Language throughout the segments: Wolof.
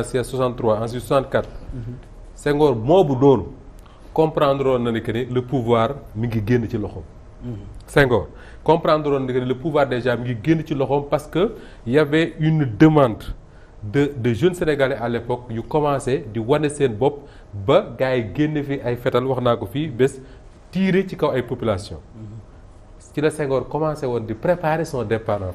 ci 63 ensuite 64. Senghor moobu doon comprendre woon na ni le pouvoir mi ngi génn ci loxoom. Senghor comprendre woon ni le pouvoir déjà mi ngi génn ci loxoom parce que y avait une demande de de jeunes sénégalais à l'époque yu commencé di wane seen bopp ba gars yi génn fii ay fetal wax naa ko fii bés tiire ci kaw ay population ci la sengoor commencé woon di préparer son départ en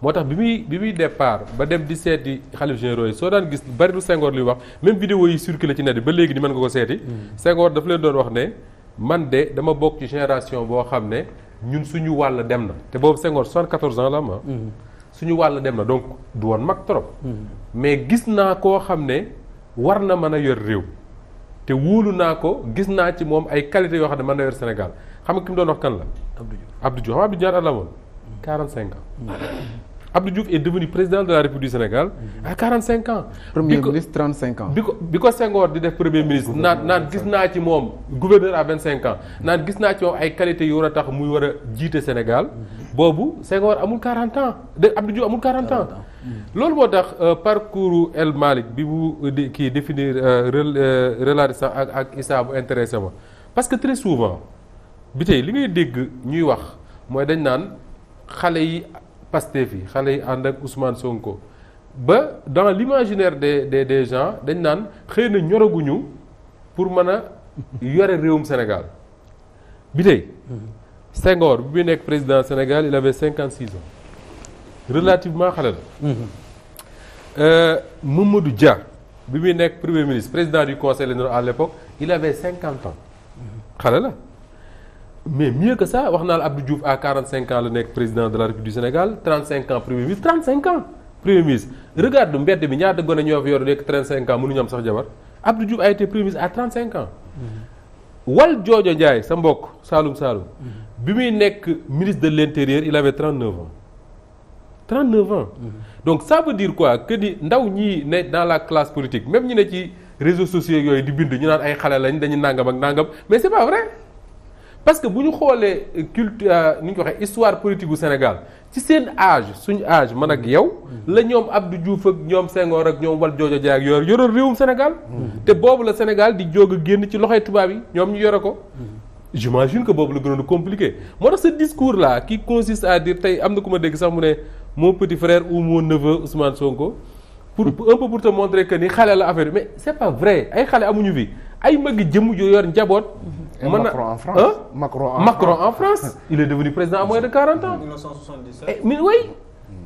moo tax bi muy bi muy départ ba dem di seeti xalif généraux yi soo daan gis bari lu Senghor luy wax même vidéo yi la ci net bi ba léegi ni man nga ko seeti. Mm. Senghor daf leen doon wax ne man de dama bokk ci génération boo xam ne ñun suñu wàll dem na te boobu Senghor 74 ans la ma ah. mm. suñu wàll dem na donc du woon mag trop. Mm. mais gis naa koo xam ne war na mën a yor réew. te wóolu naa ko gis naa ci moom ay qualité yoo xam ne mën na yor Sénégal xam nga ki mu kan la. Abdou Diouf Abdou Diouf la woon 45 ans. Abdou Diouf est devenu président de la République du Sénégal à 45 ans. premier ministre 35 ans. bi ko bi ko Senghor di def premier ministre. naan naan gis naa ci moom gouverneur à 25 ans. naan gis naa ci moom ay qualités yu war a tax muy war a jiite Sénégal. boobu Senghor amul 40 ans de Abdou Diouf amul 40 ans. loolu moo tax euh, parcours El Malick bi mu euh, di kii définir euh, relativement ak ak Issa intéressé ma parce que très souvent bi tey li ngay dégg ñuy wax mooy dañ naan yi. Pastef fii xale yi ànd ak Ousmane Sonko ba dans l'imaginaire des des des gens dañ naan xëy na ñoraguñu pour mën a yore réewum Sénégal bi tey Senghor bi muy nekk président Sénégal il avait cinquante six ans relativement xale la euh, Mamadou Dia bi muy nekk premier ministre président du conseil lénéro à l'époque il avait cinquante ans xale la mais mieux que ça wax naa la Abdou Diouf à 45 ans la nekk président de la République du Sénégal 35 ans premier ministre 35 ans premier ministre regarde mbedd bi ñaata gone ñoo fi yor nekk 35 ans mënuñu am sax jabar a été ans. Mm-hmm. wal joojo Ndiaye sa mbokk Saalum Saalum. Mm-hmm. bi muy nekk ministre de l' intérieur il avait 39 ans. 39 ans. Mm-hmm. donc ça diir dire quoi ndaw ñii ne dans la classe politique même ñu ne ci réseaux sociaux yooyu di bind ñu naan ay xale lañ dañu nangam ak nangam mais c' est pas parce que bu ñu xoolee euh, culture euh, ni ñu ko waxee histoire politique gu Sénégal ci seen âge suñu age man ak yow. Mm-hmm. la ñoom du Diouf ak ñoom Senghor ak ñoom Valdiodio Dia ak yor yoroon réewum Sénégal. Mm-hmm. te boobu la Sénégal di jóg génn ci loxoy tubaab yi ñoom ñu yore ko. Mm-hmm. j'imagine que boobu la gënoon compliqué moo tax ce discours là qui consiste à dire tey am na ku ma dégg sax mu ne mon petit frère ou mon neveu Ousmane Sonko. pour un peu pour te montrer que ni xale la affaire mais c'est pas vrai ay xale amuñu fi ay mag jëm yu yor njaboot. Macron en France. Macron en, Macron France. en France. il est devenu président à moins de 40 ans. 1977. Eh, mais oui.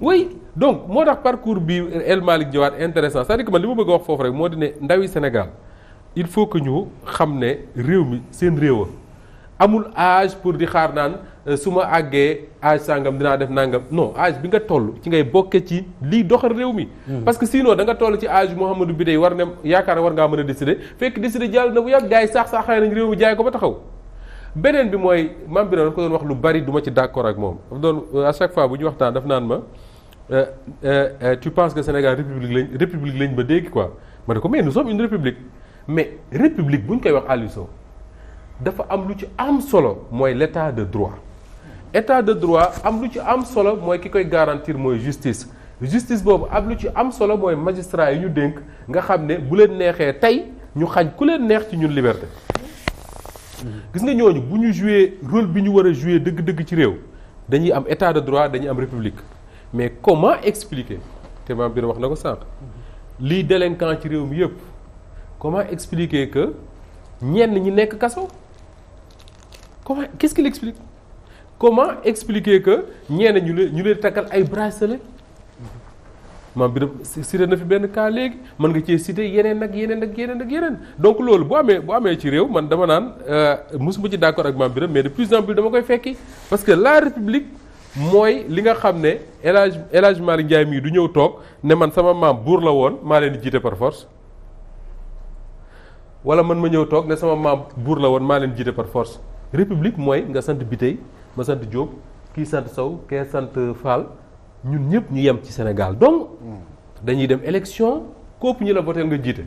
oui donc moo tax parcours bi El Malick Diawat intéressant c'est-à-dire man li ma bëgg a wax foofu rek moo di ne ndawi Sénégal il faut que ñu xam ne réew mi seen réew amul âge pour di xaar naan euh, su ma àggee âge sàngam dinaa def nangam non âge bi nga toll ci ngay bokke ci liy doxal réew mi. Hmm. parce que sinon da nga toll ci âge bi Bidey war ne yaakaar war ngaa mën a décider fekk décider jàll na bu yàgg yi saax saaxaay nañ réew mi jaay ko ba taxaw. beneen bi mooy maam bi dafa ko doon wax lu bari duma ci d'accord ak moom dafa doon euh, à chaque fois bu ñu waxtaan daf naan ma euh, tu penses que Sénégal république lañ république lañ ba dégg quoi ma ne ko mais nous sommes une république mais république bu koy wax Aliou dafa am lu ci am solo mooy l'état de droit état de droit am lu ci am solo mooy ki koy garantir mooy justice justice boobu am lu ci am solo mooy magistrat yi ñu dénk nga xam ne bu leen neexee tey ñu xañ ku leen neex ci ñun liberté gis nga ñooñu bu ñu jouer rôle bi ñu war a jouer dëgg-dëgg ci réew dañuy am état de droit dañuy am république mais comment expliquer te maam biir wax na ko sànq lii délinquant ci réew mi yëpp comment expliquer que ñenn ñi nekk kaso comment qu'est-ce qu'il explique comment expliquer ñu leen ñu leen takkal ay bracelet maam bi de cité na fi benn cas léegi mën nga cee cité yeneen nag yeneen ak yeneen nag yeneen donc loolu bu amee bu amee ci réew man dama naan euh, mosuma ci d'accord ak maam bi mais de plus en plus dama koy fekki parce que la république mooy li nga xam ne El Hadj El Hadj mii du ñëw toog ne man sama maam buur la woon maa leen di jiite par wala man ma ñëw toog ne sama maam buur la woon maa leen jiite par force. république mooy nga sant Bitèye ma sant Diop kii sant Sow kee sant Fall ñun ñëpp ñu yem ci Sénégal donc dañuy dem élection képp ñu la booteel nga jiite.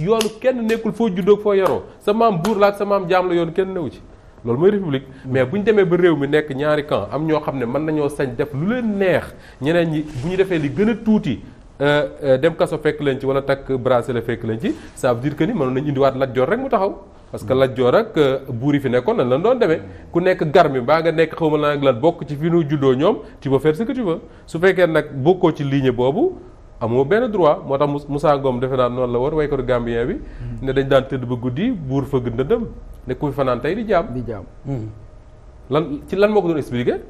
yoonu kenn nekkul foo juddoo foo yaroo sa maam buur laa ak sa maam jaam la yoon kenn newu ci loolu mooy république mais bu ñu demee ba réew mi nekk ñaari camp am ñoo xam ne mën nañoo sañ def lu leen neex ñeneen ñi bu ñu defee li gën a tuuti euh, euh, dem kaso fekk leen ci wala takk bracelet la fekk leen ci ça veut dire ni mënoon nañu indiwaat Lat Joor rek mu taxaw. parce que Lat Joor ak euh, buur yi fi nekkoon nan lan doon demee ku nekk garmi baa nga nekk xaw ma lan ak lan bokk ci fi nu juddoo ñoom tu peux faire ce su fekkee nag bokkoo ci ligne boobu amoo benn droit moo tax musaa Ngom defe naa noonu la war waykat gambien bi mm-hmm. ne dañ daan tëdd ba guddi buur fëgg ndëndëm ne ku fi fanaan tey di jaam di jaam mm-hmm. lan ci lan moo ko doon expliqué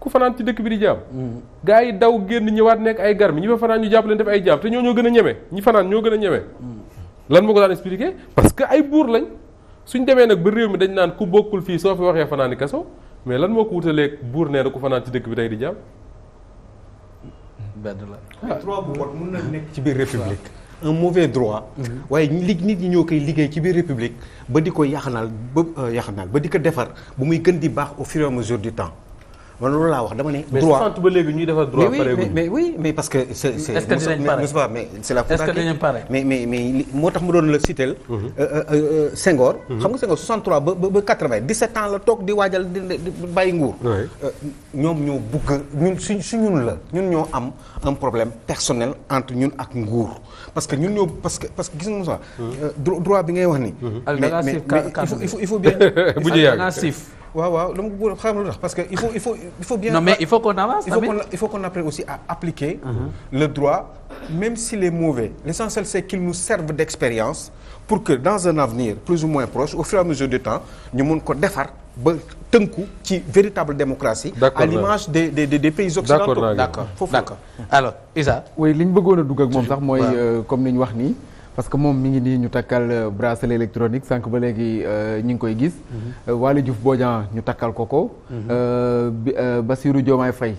ku fanaan ci dëkk bi di jaam mm-hmm. gars yi daw génn ñëwaat nekk ay garmi ñi fa fanaan ñu jàpp leen def ay ñoo ñoo gën a ñeme ñi fanaan ñoo gën a ñeme lan moo ko daan expliqué parce que ay buur lañ suñ demee nag ba réew mi dañ naan ku bokkul fii soo fi waxee fanaani kaso mais lan moo ko wutaleeg buur nee na ku fanaan ci dëkk bi tey di jàmm. benn la ah. droit bu mën ci biir république. un mauvais droit. Mm-hmm. waaye li nit ñi ñoo koy liggéey ci biir république ba di ko yaxanal ba euh, yaxanal ba di ko defar bu muy gën di baax au fur et à mesure du temps. man loolu laa wax dama ne. droit mais 60 ba léegi ñuy defar droit. pareegul mais mais oui mais parce que. est ce que mais c' la. est ce que dinañ pare mais moo tax mu doon la cité. Mhm. Euh, euh, euh, Senghor. Mhm. xam nga Senghor 63 ba ba ba 80 17 ans la toog di waajal di bàyyi nguur. ñoom ñoo bugg ñun suñ su ñun la ñun ñoo am un problème personnel entre ñun ak nguur parce que ñun ñoo parce que parce que gis nga Moussa. Mhm. droit bi ngay wax ni. mais mais il faut il faut bien. waaw waaw dama ko bëgg xam lu tax parce que il faut il faut il faut bien. non il faut qu'on avance. aussi à appliquer. Mhm. le droit même s'il est mauvais. l'essentiel c'est qu'il nous serve d'expérience pour que dans un avenir plus ou moins proche au fur et à mesure du temps ñu mun ko defar. ba tënku ci véritable démocratie. à l'image des des des pays occidentaux. d'accord d'accord foofu d'accord alors Isa. oui li ñu bëggoon dug ak moom sax mooy euh, comme ni ñu wax nii. parce que moom mu ngi nii ñu takkal euh, bracelet électronique sànq ba léegi euh, ñu ngi koy gis. Mm-hmm. Euh, Waly Diouf Bodian ñu takkal ko ko. Mm-hmm. Bassirou Diomaye Faye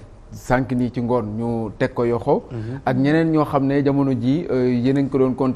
sànq nii ci ngoon ñu teg ko yoxo mm-hmm. ak ñeneen ñoo xam ne jamono ji yeneen ko doon compté.